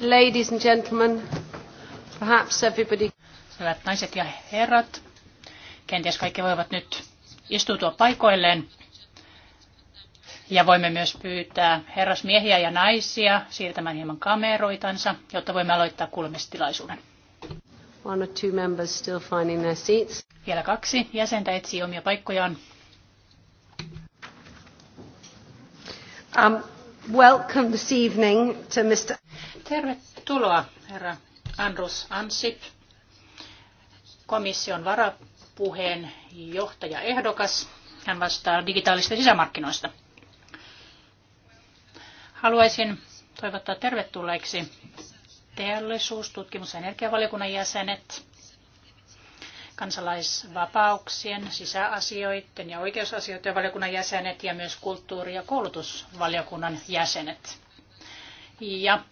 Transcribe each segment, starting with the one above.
Ladies and gentlemen, perhaps everybody... Hyvät naiset ja herrat, kenties kaikki voivat nyt istutua paikoilleen. Ja voimme myös pyytää herrasmiehiä ja naisia siirtämään hieman kameroitansa, jotta voimme aloittaa kuulemistilaisuuden. One or two members still finding their seats. Vielä kaksi jäsentä etsii omia paikkojaan. Um, welcome this evening to Mr. Tervetuloa, herra Andrus Ansip, komission varapuheen johtaja ehdokas. Hän vastaa digitaalista sisämarkkinoista. Haluaisin toivottaa tervetulleeksi teollisuus-, tutkimus- ja energiavaliokunnan jäsenet, kansalaisvapauksien, sisäasioiden ja oikeusasioiden valiokunnan jäsenet ja myös kulttuuri- ja koulutusvaliokunnan jäsenet. Ja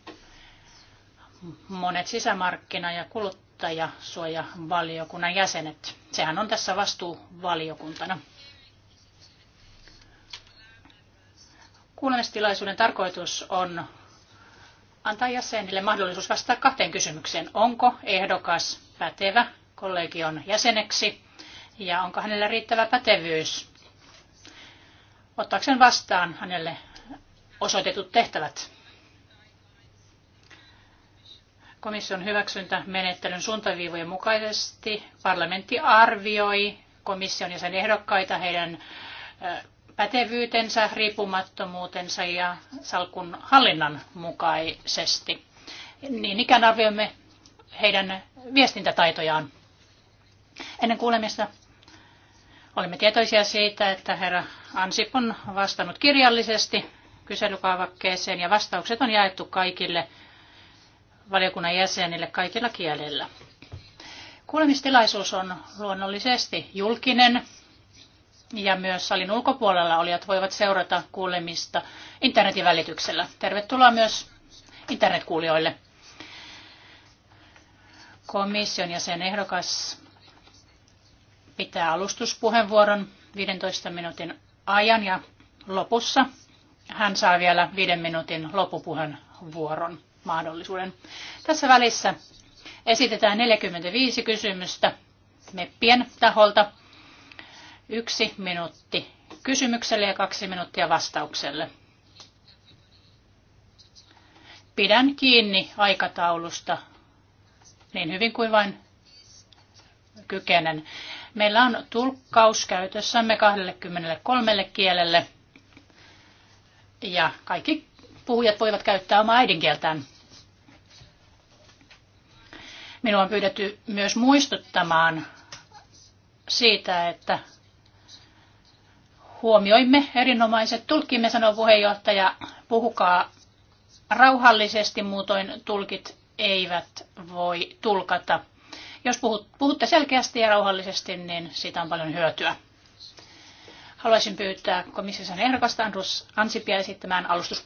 monet sisämarkkina- ja kuluttajasuojavaliokunnan jäsenet. Sehän on tässä vastuuvaliokuntana. Kuulemistilaisuuden tarkoitus on antaa jäsenille mahdollisuus vastata kahteen kysymykseen. Onko ehdokas pätevä kollegion jäseneksi ja onko hänellä riittävä pätevyys ottaakseen vastaan hänelle osoitetut tehtävät komission hyväksyntämenettelyn suuntaviivojen mukaisesti parlamentti arvioi komission ja sen ehdokkaita heidän pätevyytensä, riippumattomuutensa ja salkun hallinnan mukaisesti. Niin ikään arvioimme heidän viestintätaitojaan. Ennen kuulemista olimme tietoisia siitä, että herra Ansip on vastannut kirjallisesti kyselykaavakkeeseen ja vastaukset on jaettu kaikille valiokunnan jäsenille kaikilla kielillä. Kuulemistilaisuus on luonnollisesti julkinen ja myös salin ulkopuolella olijat voivat seurata kuulemista internetin välityksellä. Tervetuloa myös internetkuulijoille. Komission jäsenehdokas pitää alustuspuheenvuoron 15 minuutin ajan ja lopussa hän saa vielä viiden minuutin loppupuheen vuoron mahdollisuuden. Tässä välissä esitetään 45 kysymystä meppien taholta. Yksi minuutti kysymykselle ja kaksi minuuttia vastaukselle. Pidän kiinni aikataulusta niin hyvin kuin vain kykenen. Meillä on tulkkaus käytössämme 23 kielelle ja kaikki puhujat voivat käyttää omaa äidinkieltään. Minua on pyydetty myös muistuttamaan siitä, että huomioimme erinomaiset tulkimme, sanoo puheenjohtaja, puhukaa rauhallisesti, muutoin tulkit eivät voi tulkata. Jos puhutte selkeästi ja rauhallisesti, niin siitä on paljon hyötyä. Haluaisin pyytää komission ehdokasta Andrus Ansipia esittämään alustus